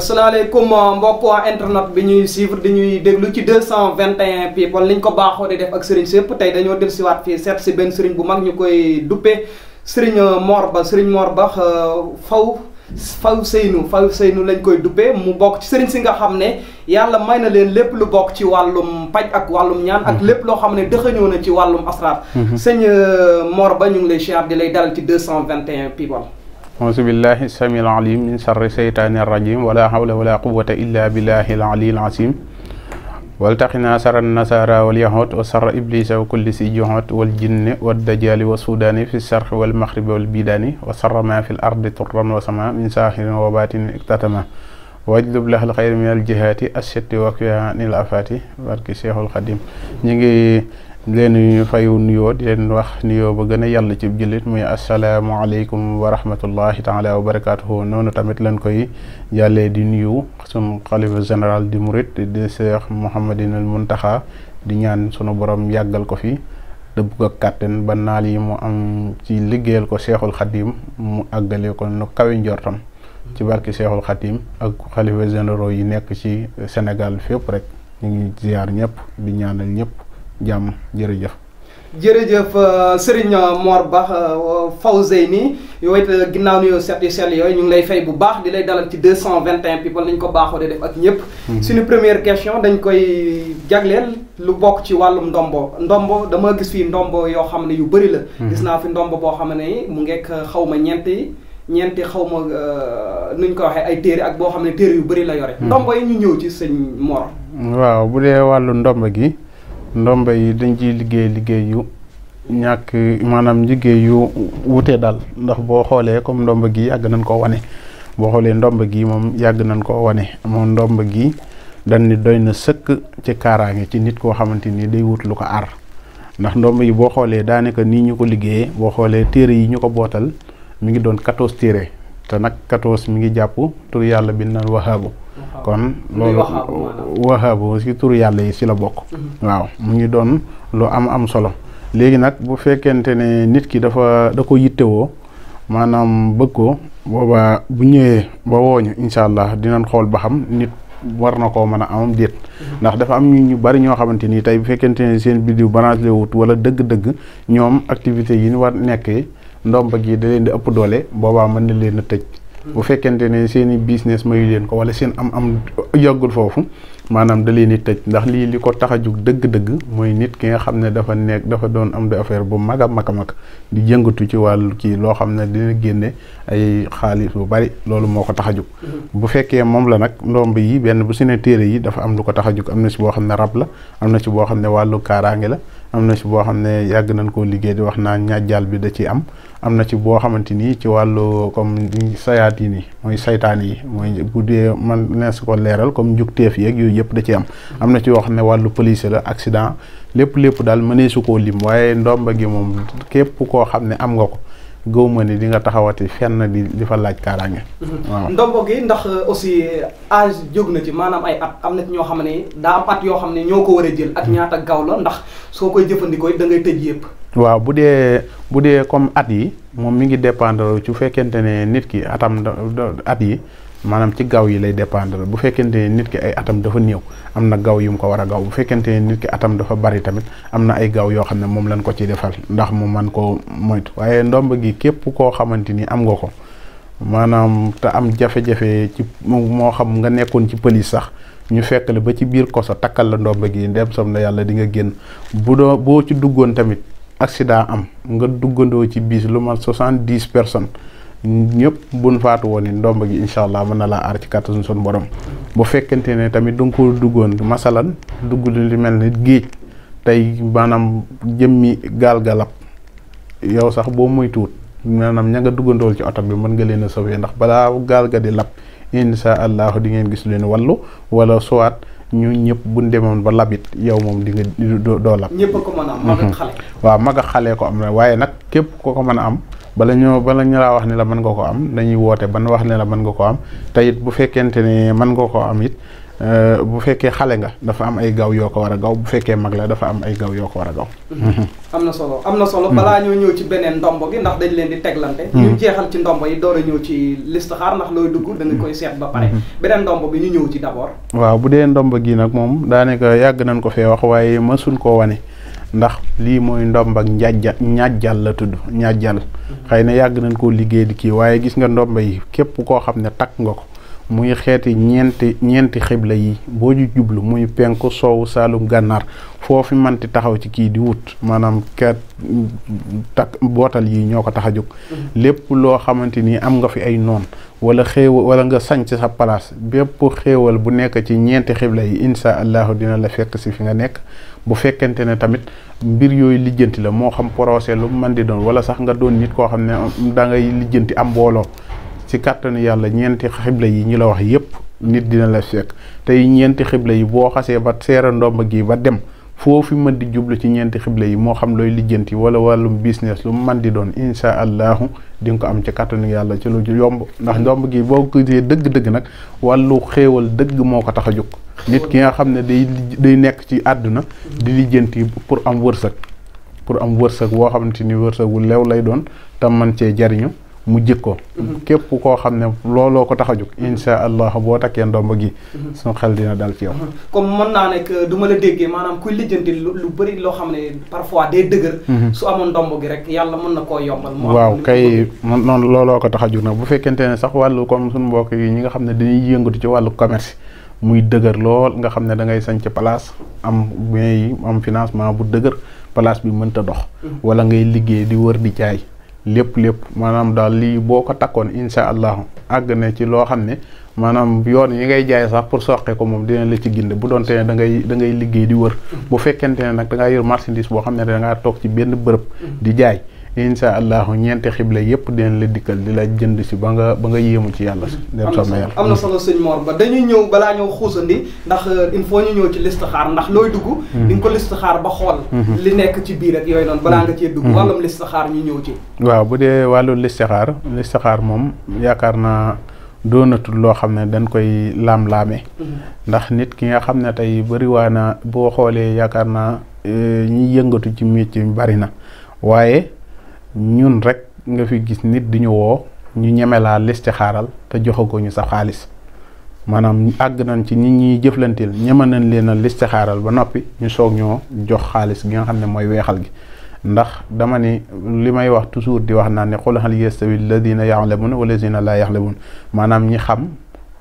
asalaamaaleykum euh, mbokk waa internet bi ñuy suivre di ñuy déglu ci cent vingt 221 people li ñu ko baaxoo di def ak sëriñ sépp tey dañoo del siwaat fii seet si benn sëriñ bu mag ñu koy duppee sëriñ euh, moor Ba sëriñ Mor Ba euh, faw faw seynu faw seynu lañ koy duppee mu bokk ci sëriñ si nga xam ne yàlla may na leen lépp lu bokk ci wàllum paj ak wàllum ñaan ak mhm. lépp loo xam ne dëxëñoo na ci wàllum asraar mhm. sëñ moor Ba ñu ngi lay siyaar di lay dalal ci 221 people auzu billahi samiil alim min sharri seytaani rajim wala hawla wala quwwata illa billahi al aliyyil azim waltaqina sara nasara wal yahut wa sara iblisa wa kulli si johot wal jinne wad dajali wa sudaani fi sarx wal maxrib wal bidaani wa sara ma fi l ardi turran wa sama min saahirin wa baatin iktatama wajdub lahal xayri min al jihaati assetti wa kiyaanil afaati barki cheikhul xadim ñi ngi leen ñu fayu nuyoo di wax nuyoo ba gën a yàlla ci jullit muy asalaamaaleykum wa rahmatullahi taala wa barakaatuhu noonu tamit leen koy jàllee di nuyu sunu xalifa général di murit di Seex Muhammadinal Muntaxa di ñaan sunu borom yàggal ko fii dëbb ko kàttan ba naal yi mu am ci liggéeyal ko Seexul Xadim mu àggale ko nu kawe njortam ci barki Seexul Xadim ak xalifa généraux yi nekk ci senegal fépp rek ñu ngi ziar ñëpp di ñaanal ñëpp jàmm jërëjëf. jërëjëf euh, Serigne Mor Ba euh, nii yow it euh, ginnaaw nuyoo seet yu sell yooyu ñu ngi lay fay bu baax di lay dalal ci deux cent vingt et un people nañ ko baaxoo di def ak ñëpp. Mhm. suñu première question dañ koy jagleel lu bokk ci wàllum ndombo ndombo dama gis fii ndombo yoo xam ne yu bëri la. Mhm. gis naa fi ndombo boo xam ne mu ngeek xaw ma ñeenti yi ñeenti xaw ma nuñ ko waxee ay téere ak boo xam ne téere yu bëri la yore. Mhm. ndombo yi ñu ñëw ci sëñ Mor. waaw bu dee wàllu ndombo gi. ndomba yi dañ ciy liggéey liggéey yu ñàkk maanaam liggéey yu wutee daal ndax boo xoolee comme ndomba gi yàgg nañ koo wane boo xoolee ndomba gi moom yàgg nañ koo wane moom ndomba gi dañ ni doy na sëkk ci kaaraange ci nit koo xamante ni day wut lu ko ar ndax ndomba yi boo xoolee daanaka nii ñu ko liggéeye boo xoolee téere yi ñu ko bootal mu ngi doon 14 téere te nag katoos mu ngi jàpp tur yàlla bi na wahaabu kon loolu wahaabu si turu yàlla yi si la bokk mhm. waaw mu ngi doon lu am am solo léegi nag bu fekkente ne nit ki dafa da ko yittewoo maanaam bëgg ko boobaa bu ñëwee ba wooñu incha allah dinañ xool ba xam nit war na koo mën a amam déet mhm. ndax dafa am ñu ñu bari ñoo xamante ni tey bu fekkente ne seen biddiw branché wut wala dëgg-dëgg ñoom activité yi ñu war nekkee ndomba gi da leen di ëpp doole boobaa mën na leen a tëj bu fekkente ne seen i business mayu leen ko wala seen am-am yàggul foofu maanaam da leen di tëj ndax lii li ko tax a jug dëgg-dëgg mooy nit ki nga xam ne dafa nekk dafa doon am de affaire bu mag a mag a mag di jëngatu ci wàllu kii loo xam ne dina génne ay xaalis bu bari loolu moo ko tax a jug. Mm-hmm. bu fekkee moom la nag ndomb yi benn bu si ne téere yi dafa am lu ko tax a jug am na si boo xam ne rab la am na si boo xam ne wàllu kaaraange la. am na ci boo xam ne yàgg nañ koo liggéey di wax naa ñàjjaal bi da ci am am na ci boo xamante ni ci wàllu comme sayaat yi nii mooy seytaan yi mooy bu dee man nees ko leeral comme njukteef yeeg yooyu yëpp da ci am am na ci yoo xam ne wàllu police la accident lépp lépp daal mënee su koo lim waaye ndomba gi moom képp koo xam ne am nga ko gëw ma ni di nga taxawati fenn di di fa laaj kaaraange. Mhm. waaw ndombo gi ndax euh, aussi âge jóg na ci maanaam ay at am na ci ñoo xam ne daa at yoo xam ne ñoo ko war a jël. ak mhm. ñaata gaaw la ndax soo koy jëfandikoo da ngay tëj yëpp. waaw bu dee bu dee comme at yi moom mi ngi dépendre ci fekkente ne nit ki atam at yi. maanaam ci gaaw yi lay dépendre bu fekkente ne nit ki ay atam dafa néew am na gaaw yu mu ko war a gaaw bu fekkente ne nit ki atam dafa bari tamit am na ay gaaw yoo xam ne moom lañ ko ci defal ndax mu man koo moytu waaye ndomb gi képp koo xamante ni am nga ko maanaam te am jafe-jafe ci moo xam nga nekkoon ci pëlis sax ñu fekk la ba ci biir koso takkal la ndomb gi dem sam na yàlla di nga génn bu doo boo ci duggoon tamit accident am nga duggandoo ci biis lu ma soixante-dix personnes ñëpp buñ faatu woon ni ndomb gi incha allah mën na laa aar ci kàttanu sunu borom bu fekkente ne tamit da nga ko duggoon masalan dugg li mel ni géej tey maanaam jëmmi gaal ga galab yow sax boo moytuwut maanaam ña nga duggandool ci oto bi mën nga leen a sauver ndax balaa gaal ga di lab incha allahu di ngeen gis leen wallu wala suwaat ñu ñëpp buñ demoon ba labit yow moom di nga doo lab. ñëpp ko mhm. xale. ko am na waaye nag képp ko ko mën a am. bala ñoo bala ñu laa wax ne la mën nga ko am dañuy woote ban wax ne la mën nga ko am te bu fekkente ne mën nga ko am it euh, bu fekkee xale nga dafa am ay gaaw yoo ko war a gaw bu fekkee mag la dafa am ay gaw yoo ko war a gaw. am na solo am na solo. balaa ñoo ñëw ci beneen ndombo gi ndax dañ leen di teglante. Mm-hmm. ñu jeexal ci ndombo yi door a ñëw ci listixaar ndax looy dugg da koy seet ba pare. Mm-hmm. beneen ndombo bi ñu ñëw ci d'abord. waaw bu dee ndomb gi nag moom daanaka yàgg nañ ko fee wax waaye mësul koo wane. ndax lii mooy ndomb ak njàjja ñaajjal la tudd ñaajjal mhm. xëy na yàgg nañ koo liggéey di kii waaye gis nga ndomba yi képp koo xam ne takk nga ko muy xeeti ñeenti ñeenti xibla yi boo jublu muy penku soowu saalum gànnaar foofi manti taxaw ci kii di wut maanaam kat takk bootal yi ñoo ko tax a jóg mhm. lépp loo xamante ni am nga fi ay noon wala xéew wala nga sañ ci sa place bépp xéewal bu nekk ci ñeenti xibla yi insha allahu dina la fekk si fi nga nekk bu fekkente ne tamit mbir yooyu lijjanti la moo xam procès lu man di doon wala sax nga doon nit koo xam ne dangay lijjanti am mbooloo si kàttanu yàlla ñeenti xibla yi ñu la wax yépp nit dina la fekk tey ñeenti xibla yi boo xasee ba seera ndomb gi ba dem foo fi mën di jublu ci ñeenti xible yi moo xam looy lijjanti wala wàllum business lu man di doon insha allahu di nga ko am ci kattanu yàlla ci lu yomb ndax yomb gi boo ko gisee dëgg-dëgg nag wàllu xéewal dëgg moo ko tax a jóg nit ki nga xam ne day day nekk ci àdduna di lijjanti pour am wërsëg pour am wërsëg woo xamante ni wërsëg wu lew lay doon tam man cee jariñu mu jikko képp koo xam ne looloo ko tax a jóg insha allah boo takkee ndomb gi suñu xel dina dal ci yow comme mën naa ne du la déggee maanaam kuy lijjanti lu bëri loo xam ne parfois day dëgër mhm. su amoon ndomb gi rek yàlla mën na koo yombal waaw kay noonu looloo ko tax a jóg nag bu fekkente ne sax wàllu comme suñu mbokk yi ñi nga xam ne dañuy yëngatu ci wàllu commerce muy dëgër lool nga xam ne da ngay sañ ci place am bien yi am financement bu dëgër place bi mënta dox mhm. wala ngay liggéey di wër di jaay lépp lépp maanaam daal lii boo ko takkoon incha allahu àgg na ci loo xam ne maanaam yoon yi ngay jaay sax pour soqe ko moom dina la ci ginde bu doonte ne da ngay da ngay liggéey di wër mm. bu fekkente ne nag da ngaa yor marchandise boo xam ne da ngaa toog ci benn bërëb mm. di jaay incha allahu ñeenti xibla yëpp de la dikkal di la jënd si ba nga ba nga yéemu ci yàlla si. dem sama am na solo sëñ Mor ba dañuy ñëw balaa ñëw xuusandi ndax euh, il faut ñu ñëw ci listixaar ndax looy dugg. Mhm. di ko listixaar ba xool. Mhm. li nekk ci biir ak yooyu noonu balaa nga cee dugg. Mhm. wàllum listixaar ñu ñëw ci. waaw bu dee wàllu listixaar listixaar moom yaakaar naa doonatul loo xam ne dañ koy laam-laame. ndax nit ki nga xam ne tey bëriwaana boo xoolee yaakaar naa euh, ñu yëngatu ci métier bari na ñun rek nga fi gis nit di ñu woo ñu ñeme laa xaaral te joxaguñu sa xaalis maanaam àgg nañ ci nit ñi jëflanteel ñeme nañ leen a xaaral ba noppi ñu soog ñoo jox xaalis gi nga xam ne mooy weexal gi. ndax dama ni li may wax toujours di wax naa ne xul hal yastawi alladina yaxlamun wa alladina laa yaxlamun maanaam ñi xam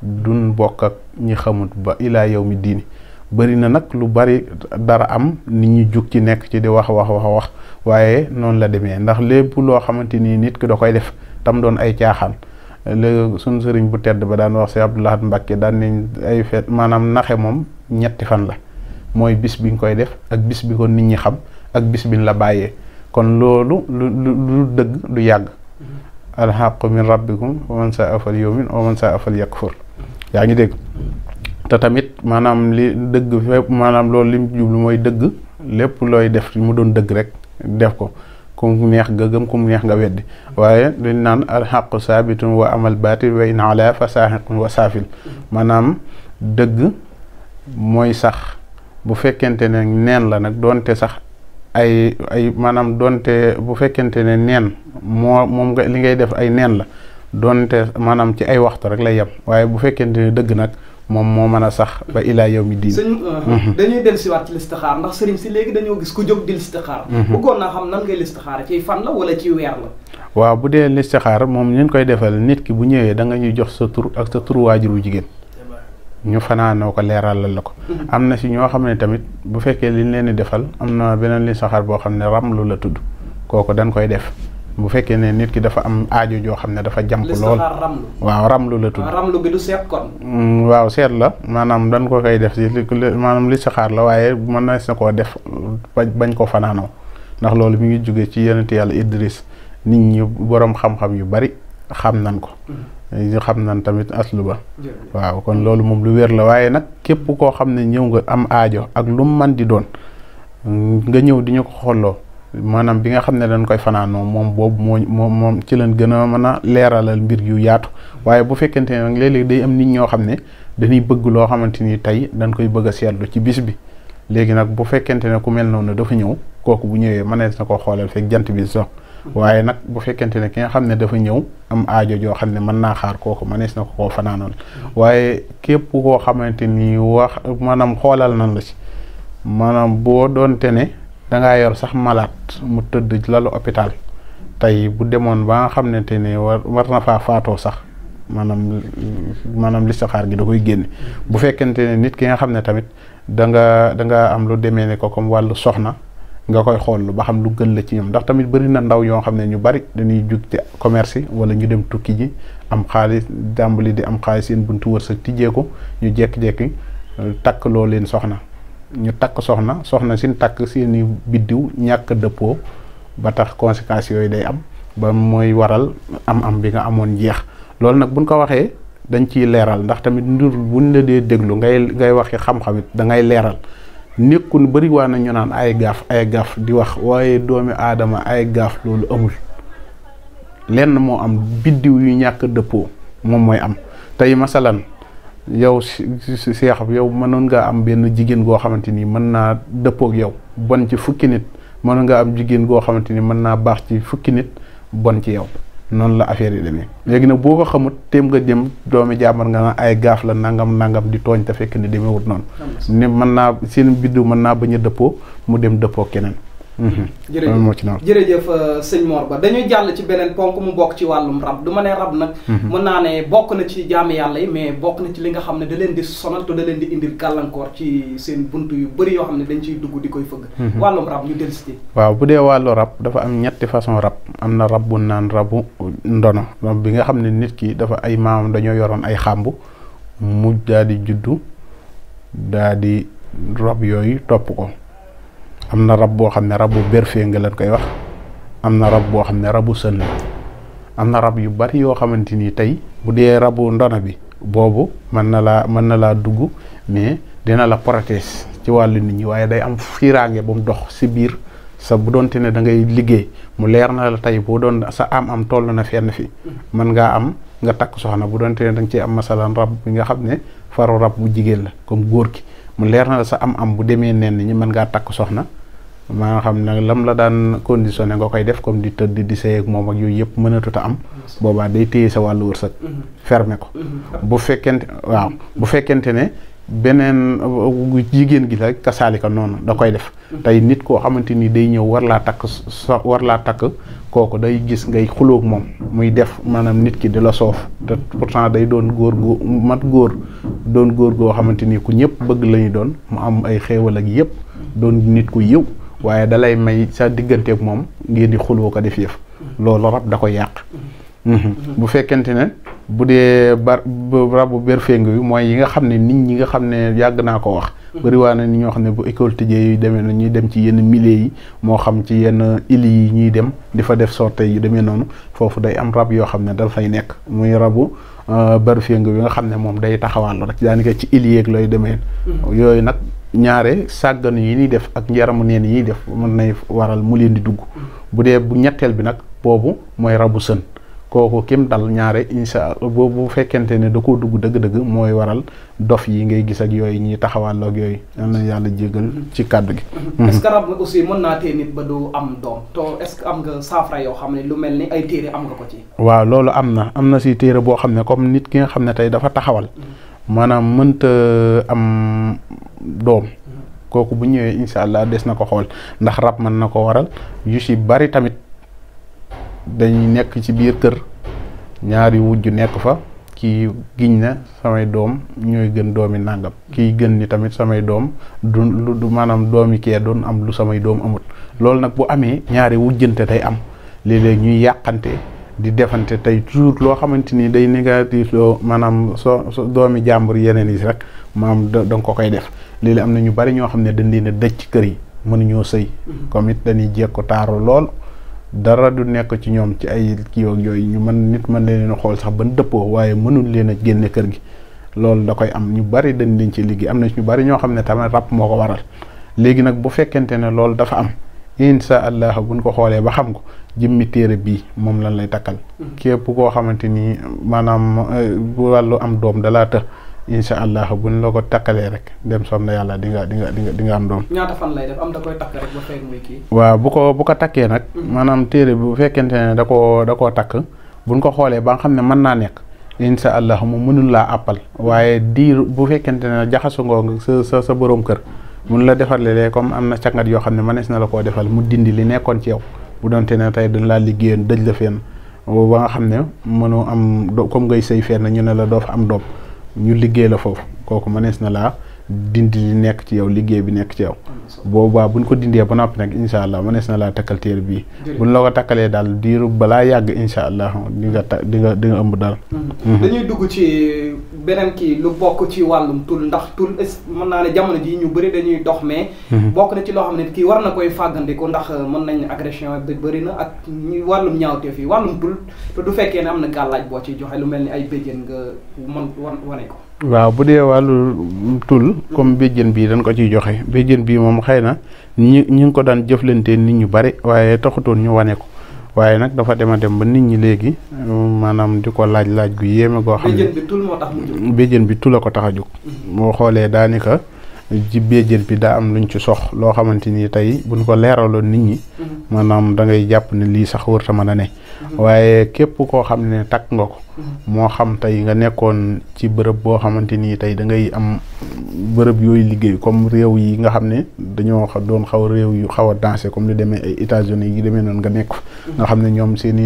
duñ bokk ak ñi xamut ba yow mi diini. bëri na nag lu bari dara am nit ñi jug ci nekk ci di wax wax wax wax waaye noonu la demee ndax lépp loo xamante ni nit ki da koy def tam doon ay caaxaan léegi sunu sëriñ bu tedd ba daan wax si Abdou Lahad Mbacké daan nañ ay fet maanaam naxe moom ñetti fan la mooy bis bi nga koy def ak bis bi ko nit ñi xam ak bis bi la bàyyee kon loolu lu lu dëgg du yàgg alxaqu min rabbikum wa man saa afal yumin wa saa afal yakfur yaa ngi dégg te tamit maanaam li dëgg fépp maanaam loolu lim jublu mooy dëgg lépp looy def mu doon dëgg rek def ko ku mu neex nga gëm ku mu neex nga weddi waaye liñ naan alxaqu saabitun wa amal baati wa in ala fa saaxiqun wa saafil maanaam dëgg mooy sax bu fekkente ne neen la nag doonte sax ay ay maanaam doonte bu fekkente ne neen moo moom nga li ngay def ay neen la doonte maanaam ci ay waxtu rek lay yem waaye bu fekkente ne dëgg nag moom moo mën a sax ba ilaa yow mi diin euh, mhm. dañuy del siwaat ci listixaar ndax sëriñ si léegi dañoo gis ku jóg di listixaar mhm. bëggoon naa xam nan ngay listixaar ci fan la wala ci weer la waaw bu dee listixaar moom ñu koy defal nit ki bu ñëwee da nga ñuy jox sa tur ak sa tur waajur wu jigéen ñu fanaanoo ko leeralal la ko mhm. am na si ñoo xam ne tamit bu fekkee liñ leen di defal am na beneen listixaar boo xam ne ramlu la tudd kooku dañ koy def bu fekkee ne nit ki dafa am aajo joo xam ne dafa jàmp lool waaw ramlu la tudd ramlu bi mm, waaw seet la maanaam dañ ko koy def si li saxaar la waaye mën na sa koo def bañ ko fanaanoo ndax loolu mi ngi jóge ci yenn yàlla Idris nit ñi boroom xam-xam yu bari xam nan ko mm-hmm. xam nan tamit aslu ba waaw kon loolu moom lu wér la waaye nag képp koo xam ne ñëw nga am aajo ak lu mu man di doon nga ñëw di ñu ko xolloo maanaam bi nga xam ne dañ koy fanaanoo moom boobu moo moom moom ci leen gën a mën a leeralal mbir yu yaatu waaye bu fekkente ne nag léeg-léeg day am nit ñoo xam ne dañuy bëgg loo xamante ni tey dañ koy bëgg a seetlu ci bis bi léegi nag bu fekkente ne ku mel noonu dafa ñëw kooku bu ñëwee mënees na ko xoolal fekk jant bi so waaye nag bu fekkente ne ki nga xam ne dafa ñëw am aajo joo xam ne mën naa xaar kooku mënees na ko koo fanaanoon waaye képp koo xamante ni wax maanaam xoolal nan la ci maanaam boo doonte dangaa yor sax malaat mu tëdd lalu hôpital tey bu demoon ba nga xam ne te ne war war na faa faatoo sax maanaam maanaam listixaar gi da koy génne bu fekkente ne nit ki nga xam ne tamit da nga da nga am lu demee ne ko comme wàllu soxna nga koy xool ba xam lu gën la ci ñoom ndax tamit bëri na ndaw yoo xam ne ñu bari dañuy jug ci commerce yi wala ñu dem tukki ji am xaalis dàmbali di am xaalis bunt buntu sa tijjee ko ñu jékki-jékki takk loo leen soxna ñu takk soxna soxna sin takk seeni biddiw ñàkk dëppoo ba tax conséquences yooyu day am ba mooy waral am-am bi nga amoon jeex loolu nag buñ ko waxee dañ ciy leeral ndax tamit ndur buñ la dee déglu ngay ngay waxi xam-xamit da ngay leeral nekkul bëri waa na ñu naan ay gaaf ay gaaf di wax waaye doomi aadama ay gaaf loolu amul lenn moo am biddiw yu ñàkk dëppoo moom mooy am tey masalan yow seex yow mënoon nga am benn jigéen goo xamante ni mën naa dëppoog yow bon ci fukki nit mënoon nga am jigéen goo xamante ni mën naa baax ci fukki nit bon ci yow noonu la affaire yi demee léegi nag boo ko xamut téem nga jëm doomi jàmbar nga na ay gaaf la nangam nangam di tooñ te fekk ni demewut noonu ne mën naa seen biddu mën naa bañ a dëppoo mu dem dëppoo keneen jërëjëf jërëjëf euh, sëñ Mor Ba dañuy jàll ci beneen ponk mu bokk ci wàllum rab du ma ne rab nag mhm. mën naa ne bokk na ci jaamu yàlla yi mais bokk na ci li nga xam ne da leen di sonal te da ci seen bunt yu bëri yoo xam ne dañ ciy dugg di koy fëgg mhm. wàllum rab ñu dellusi waaw bu dee wàllu rab dafa am ñetti façon rab am na rab bu naan rabu ndono bi nga xam ne nit ki dafa ay maamam dañoo yoroon ay xàmbu mu daal di juddu daal di rab yooyu topp ko am na rab boo xam ne rabu berfee nga leen koy wax am na rab boo xam ne rabu sën la am na rab yu bari yoo xamante nii tey bu dee rabu ndono bi boobu mën na laa mën na laa dugg mais dina la protège ci wàllu nit ñi waaye day am fiiraange bu mu dox si biir sa bu doonte ne da ngay liggéey mu leer na la tey boo doon sa am am toll na fenn fi mën ngaa am nga takk soxna bu doonte ne danga nga cee am masalan rab bi nga xam ne faru rab bu jigéen la comme góor ki mu leer na sa am am bu demee nenn ñi mën ngaa takk soxna maa xam nag lam la daan conditionné nga koy def comme di tëdd di sey ak moom ak yooyu yëpp mënatut am. boobaa day téye sa wàllu wërsëg. Mm-hmm. fermé ko. Mm-hmm. bu fekkente waaw bu fekkente ne beneen euh, jigéen gi la ko noonu da koy def. Mm-hmm. tey nit koo xamante ni day ñëw war laa takk so war laa takk kooku day gis ngay xuloog moom muy def maanaam nit ki di la soof te pourtant day doon góor gu mat góor doon góor goo xamante ni ku ñëpp bëgg lañu doon mu am ay xéewal ak yëpp doon nit ku yiw waaye dalay may sa diggante digganteek moom ngeen di xuloo ko def yëf loolu rab da koy yàq mhm. bu fekkent ne bu dee bar rabu berfeng bi mooy yi nga xam ne nit ñi nga xam ne yàgg naa ko wax mhm. bëriwaa na ni ñoo xam ne bu école tëjee yu demee na ñuy dem ci yenn milliers yi moo xam ci yenn îles yi ñuy dem di fa def sorte yu demee noonu foofu day am rab yoo xam ne dal fay nekk muy rabu euh, berfeng bi nga xam ne moom day taxawal rek daanaka ci îles yeeg looy demee mhm. yooyu nag ñaare sàggan yi ñuy def ak njaramu neen yi ñuy def mën nay waral mu leen di dugg bu dee bu ñetteel bi nag boobu mooy rabu sën kooku kim dal ñaare incha boobu bu fekkente ne da koo dugg dëgg-dëgg mooy waral dof yi ngay gis ak yooyu ñi taxawal ak yooyu yal na yàlla jégal ci kàddu gi. Mm-hmm. est-ce que rab nag aussi mën naa tee nit ba du am doom to est-ce que am nga saafara yoo xam ne lu mel ni ay téere am nga ko ci. waaw loolu am na am na si téere boo xam ne comme nit ki nga xam ne tey dafa taxawal mm-hmm. maanaam doom kooku bu ñëwee incha allah des na ko xool ndax rab mën na ko waral yu si bari tamit dañ nekk ci biir kër ñaari wujj nekk fa kii giñ na samay doom ñooy gën doomi nàngam kii gën ni tamit samay doom du lu maanaam doomi kee doon am lu samay doom amut loolu nag bu amee ñaari wujjante tey am léeg-léeg ñuy yàqante di defante tey toujours loo xamante ni day négatif soo maanaam so doomi jàmbur yeneen yi rek maanaam da nga koy def léegi am na ñu bari ñoo xam ne dañ leen a dëj ci kër yi mënuñoo sëy mm-hmm. comme it dañuy jéeg taaru lool dara du nekk ci ñoom ci ay kii yooyu ñu mën nit mën leen a xool sax ban dëppoo waaye mënul leen a génne kër gi loolu da koy am ñu bari dañ leen ci liggéey am na ñu bari ñoo xam ne tamit rab moo ko waral léegi nag bu fekkente ne loolu dafa am incha allah buñ ko xoolee ba xam ko jëmmi téere bii moom lan lay takkal mm-hmm. képp koo xamante ni maanaam eh, wàllu am doom dalaa incha allah buñ la ko takkalee rek dem soon na yàlla dinga nga di nga di nga am doom. ñaata fan lay def am da koy waaw bu ko bu ko takkee nag. Hmm. maanaam téere bu fekkente ne da koo da koo takk buñ ko xoolee ba nga xam ne mën naa nekk. incha allah mu mënul laa àppal waaye diir bu fekkente ne jaxasu ngoo sa sa sa borom kër. mun la defalee comme am na càngat yoo xam ne mënees na la koo defal mu dindi li nekkoon ci yow bu doonte ne tey dañ laa liggéeyoon dëj la fenn ba nga xam ne mënoo am comme ngay sëy fenn ñu ne la doo am doom. ñu liggéey la foofu kooku mënees na laa dindi li nekk ci yow liggéey bi nekk ci yow. boobaa buñ ko dindee ba noppi nag incha allah mënees na laa takkal téere bii. buñ loo ko takkalee daal diiru balaa yàgg incha allah di nga ta di nga di nga ëmb dara. Mhm. Mhm. dañuy dugg ci beneen kii lu bokk ci wàllum tul ndax tul mën naa ne jamono jii ñu bëri dañuy dox mais. Mhm. bokk na ci loo xam ne kii war na koy fàggandiku ndax euh, mën nañ agression bi bëri na ak wàllum ñaawteef yi wàllum tul te du fekkee ne am na gàllaaj boo ciy joxe lu mel ni ay béjjén nga mën wane ko. waaw bu dee wàllu tul comme béjjën bii dañ ko ciy joxe béjjën bii moom xëy na ñi ñi ngi ko daan jëflantee nit ñu bari waaye taxutoon ñu wane ko waaye nag dafa dem a dem ba nit ñi léegi maanaam di ko laaj laaj gu yéeme goo xam ne béjjën bi tul a ko tax a jóg mm-hmm. boo xoolee daanaka ci béjjën bi daa am luñ ci sox loo xamante ni tey buñ ko leeraloon nit ñi mm-hmm. maanaam da ngay jàpp ne lii sax wërta mën a ne Mhm. waaye képp koo xam ne takk nga ko mhm. moo xam tey nga nekkoon ci bërëb boo xamante nii tey da ngay am bërëb yooyu liggéey comme réew yi nga xam ne dañoo doon xaw réew yu xaw a dansé comme lu demee ay États-Unis yi demee noonu nga nekk mhm. nga xam ne ñoom seeni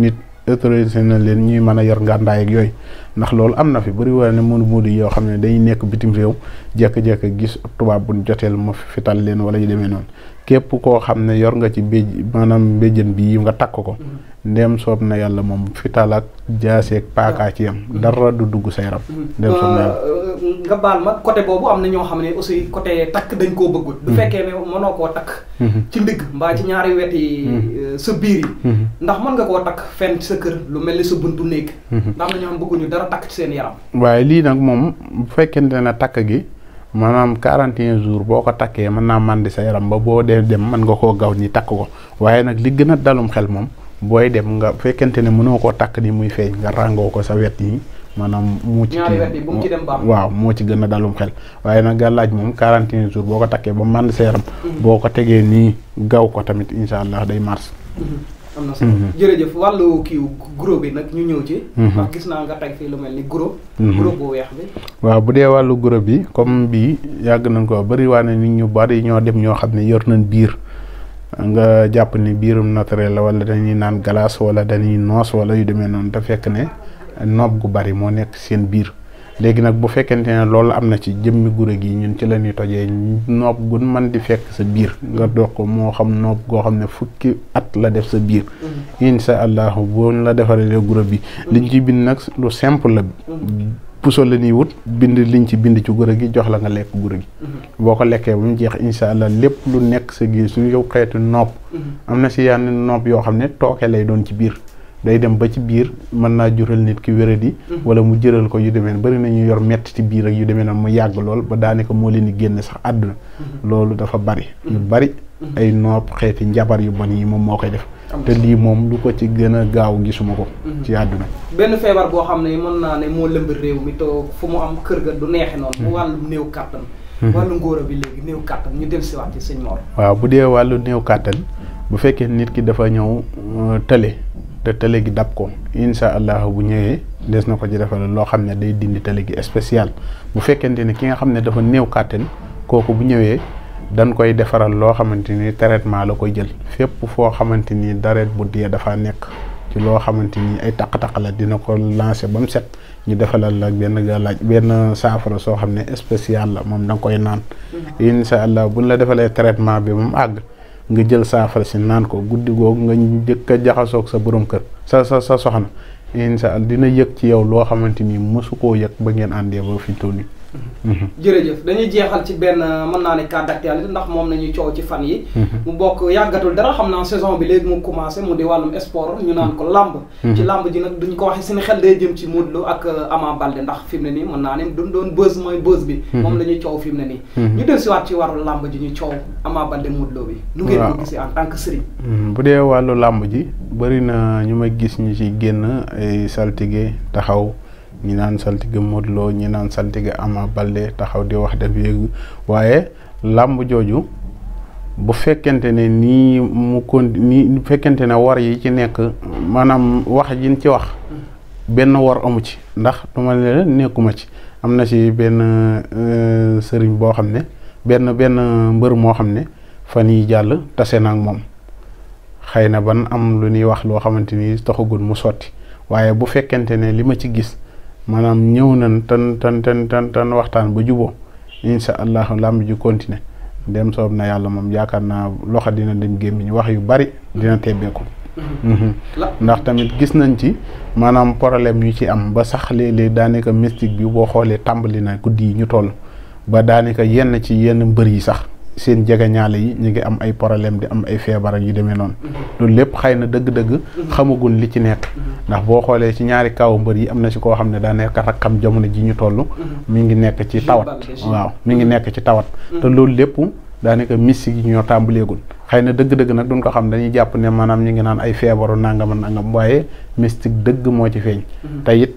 nit autorisé na leen ñuy mën a yor ngàndaay ak yooyu ndax loolu am na fi bëri waa ne mënu moodu yoo xam ne dañuy nekk bitim réew jekk-jekk gis tubaab bu joteel mu fital leen wala yu demee noonu képp koo xam ne yor nga ci béj maanaam mbéjën bi nga takk ko mm-hmm. ndeem soob na yàlla moom fital ak jaaseeg paakaa ci yam mm-hmm. dara du dugg sa yaram mm-hmm. ndeem soob na euh, euh, nga baal ma côté boobu am na ñoo xam ne aussi côté takk dañ koo bëggul bu fekkee koo takk ci ndigg mbaa ci ñaari euh, sa biir yi ndax mën nga koo takk fenn sa kër lu mel sa buntu néeg ndax am takk waaye lii nag moom bu fekkente ne takk gi maanaam quarante et un jours boo ko takkee mën naa màndi sa yaram ba boo dee dem mën nga koo gaw ñi takk ko waaye nag li gën a dalum xel moom booy dem nga fekkente ne mënoo koo takk ni muy feeñ nga ràngoo ko sa wet yi. maanaam moo ci waaw moo ci gën a dalum xel waaye nag gàllaaj moom quarante et jours boo ko takkee ba mànd sa yaram mm-hmm. boo ko tegee nii gaw ko tamit incha allah day mars mm-hmm. am na mhm. jërëjëf wàllu kii guro bi nag ñu ñëw ci. Mhm. ndax gis naa nga teg fii lu mel ni guro. Mhm. guro bu weex bi. waaw bu dee wàllu guro bi comme bii yàgg nañ ko bari waa nit ñu bari ñoo dem ñoo xam ne yor nañ biir nga jàpp ni biirum naturel la wala dañuy naan galaas wala dañuy noos wala yu demee noonu te fekk ne noob gu bari moo nekk seen biir. léegi nag bu fekkente ne loolu am na ci jëmmi gure gi ñun ci la ñuy tojee noob gun man di fekk sa biir nga dox ko moo xam noob goo xam ne fukki at la def sa biir mm-hmm. insha allahu boon la defaree gure bi mm-hmm. liñ ci bind nag lu simple la mm-hmm. puso la ñuy wut bind liñ ci bind ci gure gi jox la nga lekk gure gi boo ko lekkee ba mu jeex insha lépp lu nekk sa giir suñu yow xeetu noob am na si yenn noob yoo xam ne tooke lay doon ci biir day dem ba ci biir mën naa jural nit ki wéradi mhm. wala mu jëral ko yu demee bari nañu yor mettiti ci biir ak yu demee na mu yàgg lool ba daanaka moo leen di génn sax àdduna mhm. loolu dafa bari ñu mhm. bari ay nopp xeeti njabar yu bon yi moom moo koy def te lii moom lu ko ci gën a gaaw gisuma ko ci àdduna benn feebar boo xam ne mën naa ne moo lëmb réew mi te fu mu am kër ga du neexe noonu bu wàllu néew kàttan wàllu ngóora bi léegi néew kàttan ñu de si sëñ Mor waaw bu dee wàllu néew kàttan bu fekkee nit ki dafa ñëw euh, tële te télé gi dab ko incha allah bu ñëwee des na ko ci defal loo xam ne day dindi télé gi spécial bu fekkente ni ki nga xam ne dafa néew kàttan kooku bu ñëwee dan koy defaral loo xamante ni traitement la koy jël fépp foo xamante ni dareet bu dee dafa nekk ci loo xamante ni ay taq-taq la dina ko lancé ba mu set ñu defalal la benn galaaj benn saafara soo xam ne spécial la moom da nga koy naan mm-hmm. incha allah buñ la defalee traitement bi moom àgg. nga jël saafara si naan ko guddi googu nga njëkk a jaxasoog sa borom kër sa sa sa soxna incha allah dina yëg ci yow loo xamante ni mësu koo yëg ba ngeen àndee ba fi toll Mm-hmm. jërëjëf dañuy jeexal ci benn mën naa ne cas d'actualité ndax moom nañuy coow ci fan yi mm-hmm. mu bokk yàggatul dara xam naa saison bi léegi mu commencé mu di wàllum sport ñu naan ko lamb mm-hmm. ci lamb ji nag duñ ko waxee seen xel day jëm ci Modou ak euh, Ama ndax fi mu ne nii mën naa ne duñ doon buzz mooy buzz bi moom la ñuy coow fi mu ne nii ñu del siwaat ci waru làmb ji ñu coow Ama Baldé Modou Lo bi nu ngeen ko gisee en tant que bu dee wàllu làmb ji bëri na ñu may gis ñu ci génn ay saltige taxaw ñi naan saltige Modou loo ñi naan saltige Ama balde taxaw di wax def yéegu waaye làmb jooju bu fekkente ne nii mu kon nii fekkente ne war yi ci nekk maanaam wax yi ñu ci wax benn war amu ci ndax duma ne nekkuma ci am na ci benn euh, sëriñ boo xam ne benn benn mbër moo xam ne fan yi jàll tase na ak moom xëy na ban am lu ñuy wax loo xamante ni taxagul mu sotti waaye bu fekkente ne li ma ci gis maanaam ñëw nañ tan tan tan tan waxtaan ba juboo incha allahu làmb ju continuer dem soob na yàlla moom yaakaar naa loxo dina dem gémmiñ wax yu bari dina tebbeeku mhm. ndax tamit gis nañ ci maanaam problème yu ci am ba sax léeg-léeg daanaka mystique bi boo xoolee tàmbali na guddi yi ñu toll ba daanaka yenn ci yenn mbër yi sax seen jege ñaale yi ñu ngi am ay problème di am ay feebar ak yu demee noonu loolu lépp xëy na dëgg-dëgg xamagun li ci nekk ndax boo xoolee ci ñaari kaw mbër yi am na si koo xam ne daa nekk rakkam jamono ji ñu toll mi ngi nekk ci tawat waaw mi ngi nekk ci tawat te hmm. loolu lépp daanaka mystique yi ñoo tàmbaleegul xëy na dëgg-dëgg nag duñ ko xam dañuy jàpp ne maanaam ñu ngi naan ay feebaru nangam nangam waaye mystique dëgg moo ci feeñ hmm. te it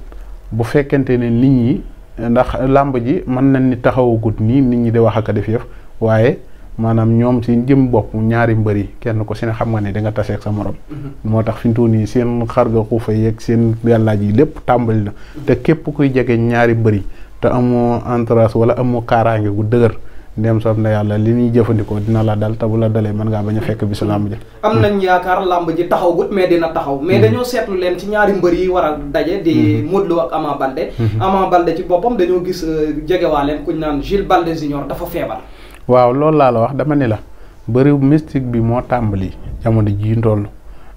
bu fekkente ne nit ñi ndax làmb ji mën nañ ni taxawagut nii nit ñi di wax ak a def yëf waaye maanaam ñoom si jëm bopp ñaari mbër yi kenn ko si ne xam nga ne da nga taseeg sa morom. Mhm. moo tax fi mu toll nii seen xarga xuufa yeeg seen gàllaaj yi lépp tàmbali na. Mhm. te képp kuy jege ñaari mbër yi te amoo entourage wala amoo kaaraange gu dëgër. ndem soob na yàlla li ñuy jëfandikoo dina la dal te la dalee mën ngaa a fekk bisu làmb ji. am nañ yaakaar làmb ji taxawagut mais dina taxaw. mais mhm. dañoo seetlu leen ci ñaari mbër yi war a daje. di Modou Lo ak Ama Balde. Ama Balde ci boppam dañoo gis euh, jegewaale kuñ naan Gilles Balde Junior dafa feebar. waaw loolu laa la wax dama ne la bëriw mystique bi moo tàmbali jamono jii ndoll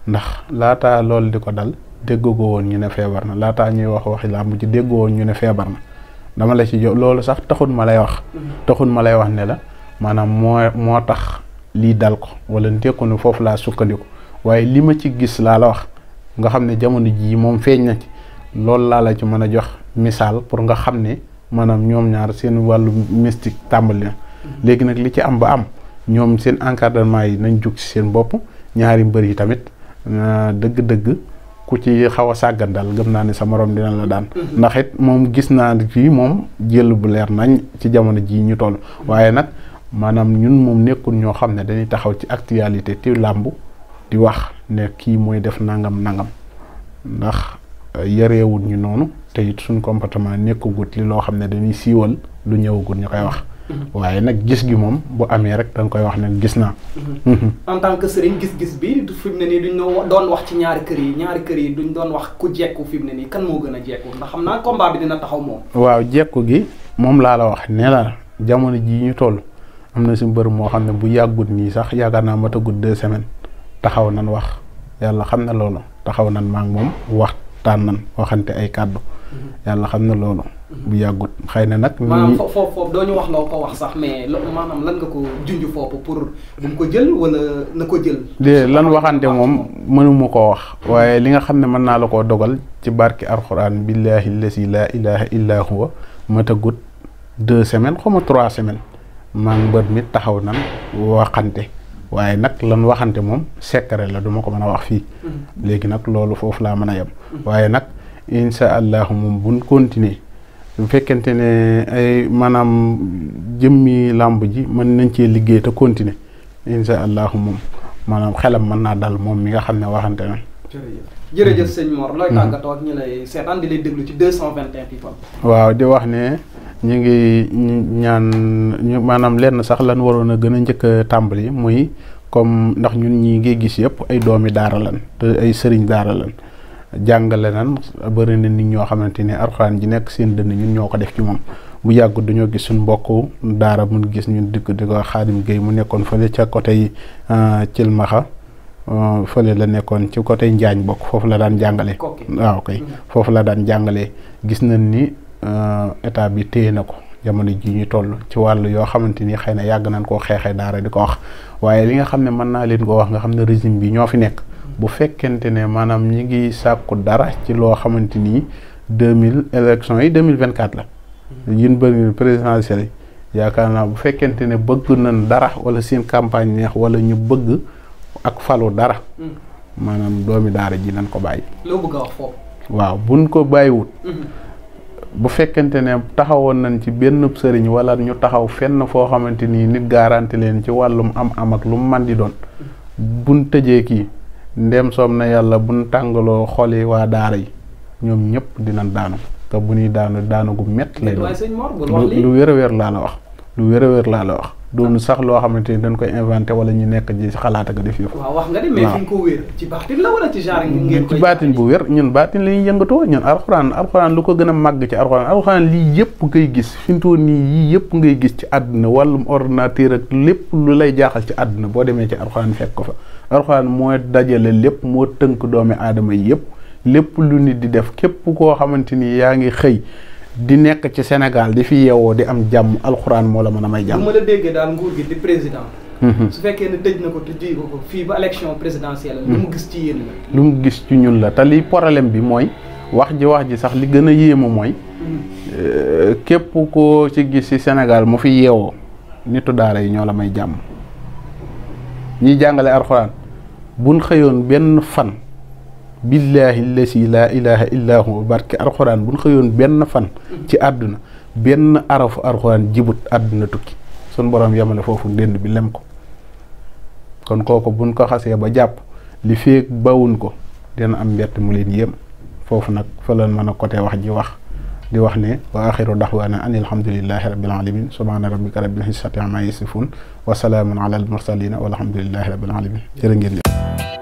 ndax laataa loolu di ko dal déggoo woon ñu ne feebar na laataa ñuy wax waxi laa mu ci déggoo ñu ne feebar dama la ci jo loolu sax taxul ma lay wax. Mm-hmm. taxul ma lay wax ne la maanaam moo moo tax lii dal ko wala ndekku ne foofu laa sukkandiku waaye li ma ci gis laa la wax nga xam ne jamono jii moom feeñ na ci loolu laa la ci mën a jox misaal pour nga xam ne maanaam ñoom ñaar seen wàllu mystique tàmbali na. léegi nag li ci am ba am ñoom seen encadrement yi nañ jug ci seen bopp ñaari mbër yi tamit ah, dëgg-dëgg ku ci xaw a sàggan daal gëm naa ni sa moroom dina la daan. Mm-hmm. ndax it moom gis naa fii moom jël bu leer nañ ci jamono jii ñu toll. Mm-hmm. waaye nag maanaam ñun moom nekkul ñoo xam ne dañuy taxaw ci actualité ti làmb di wax ne kii mooy def nangam nangam ndax eh, yareewul noonu te it suñ comportement nekkagut li loo xam ne dañuy siiwal lu ñëwagut ñu koy wax. waaye nag gis gi moom bu amee rek da koy wax ne gis naa. Mhm. en tant sëriñ gis-gis bi du ne nii duñ doon wax ci ñaari kër yi duñ doon wax ku jekku fi ne nii kan moo gën a jekku ndax xam naa combat bi dina taxaw moom. waaw jekku gi moom laa la wax nee la jamono ji ñu toll am na si mbër moo xam ne bu yàggut nii sax yaakaar naa matagut deux semaines taxaw nan wax yàlla xam ne loolu taxaw nan maa ngi moom waxtaan nan waxante ay kàddu mhm. yàlla xam ne loolu. bu yàggut xëy na nag. maanaam foofu foofu ko nga ko junj foofu pour bu ko jël wala na ko jël. de lan waxante moom mënuma koo wax. waaye li nga xam ne mën naa la koo dogal ci barki alxuraan billaahi lazi laa ilaaha illaa huwa ma tëggut deux semaines xaw trois semaines maa ngi mbër mi taxaw nan waxante. waaye nag lan waxante moom secret la duma ko mën a wax fii. Mm-hmm. léegi nag loolu foofu laa mën a yem. Mm-hmm. waaye nag incha allahu moom buñ continuer bu fekkente ne ay maanaam jëmmi làmb ji mën nañ cee liggéey te continuer insha allahu moom maanaam xelam mën naa dal moom mi nga xam ne waxante na. Mm-hmm. di waaw di wax ne ñu ngi ñaan ñu maanaam lenn sax lan waroon a gën a njëkk a tàmbali muy comme ndax ñun ñi ngay gis yëpp ay doomi daara lan te ay sëriñ daara lan jàngale naan bëri na nit ñoo xamante ni arxaan ji nekk seen dënn ñun ñoo ko def ci moom bu yàggut dañoo gis suñ mbokk daara mun gis ñun dikk di ko xaadim géey mu nekkoon fële ca côté euh, Cilmaxa euh, fële la nekkoon ci côté Njaañ bokk foofu la daan jàngale waaw kay mm-hmm. foofu la daan jàngale gis nañ ni euh, état bi téye na ko jamono ji ñu toll ci wàll yoo xamante ni xëy na yàgg nañ koo xeexee daara di ko wax waaye li nga xam ne mën naa leen koo wax nga xam ne résime bi ñoo fi nekk bu fekkente ne maanaam ñi ngi sàkku dara ci loo xamante ni deux mille élections yi deux mille vingt quatre la. yin bëri présidentielle yi yaakaar naa bu fekkente ne bëgg nañ dara wala seen campagne neex wala ñu bëgg ak falu dara. Hmm. maanaam doomi daara ji nañ ko bàyyi. loo bëgg a waaw buñ ko bàyyiwul hmm. bu fekkente ne taxawoon nañ ci benn sëriñ wala ñu taxaw fenn foo xamante ni nit garanti leen ci wàllum am am ak lu man di doon. Hmm. buñ tëjee kii ndem soob na yàlla bu nu tàngaloo xol waa daara yi ñoom ñëpp dina daanu te bu nuy daanu daanu gu métti lay doon lu wér a wér laa la wax lu wér wér laa la wax doonu sax loo xamante ni dañ koy inventé wala ñu nekk ji xalaat ak def yëf. waaw wax nga de mais ñu ko wér ci baatin la baatin bu wér ñun baatin la ñuy yëngatoo ñun alxuraan alxuraan lu ko gën a màgg ci alxuraan alxuraan lii yëpp ngay gis fi mu toll nii yëpp ngay gis ci àdduna wàllum ordinateur ak lépp lu lay jaaxal ci àdduna boo demee ci alxuraan fekk ko fa alxuraan moo dajale lépp moo tënk doomi aadama yi yëpp lépp lu nit di def képp koo xamante ni yaa ngi xëy di nekk ci Sénégal di fi yeewoo di am jàmm alxuraan moo la mën a may jàmm. bu daal nguur gi mhm. su fekkee ne tëj na ko fii ba élection présidentielle. lu mu mhm. gis ci yéen gis ci ñun la te li problème bi mooy wax ji wax ji sax li gën a yéemu mooy. Mhm. Euh, képp ko ci gis ci Sénégal mu fi yeewoo nitu daara yi ñoo la may jàmm ñiy jàngale alxuraan buñ xëyoon benn fan. billaahi lasi laa ilaha illaa huwa barke alxuraan buñ xëyoon benn fan ci àdduna benn arafu alxuraan jibut àdduna tukki sun borom yamale foofu ndend bi lem ko kon kooku buñ ko xasee ba jàpp li feeg bawun ko dina am mbett mu leen yéem foofu nag fa leen mën a wax ji wax di wax ne wa axiru daxwaana an alhamdulilahi rabbil alamin subhaana rabbika rabbil izzati amma yasifun wa salaamun ala al mursalina walhamdulilahi rabbil alamin jërë ngeen jëf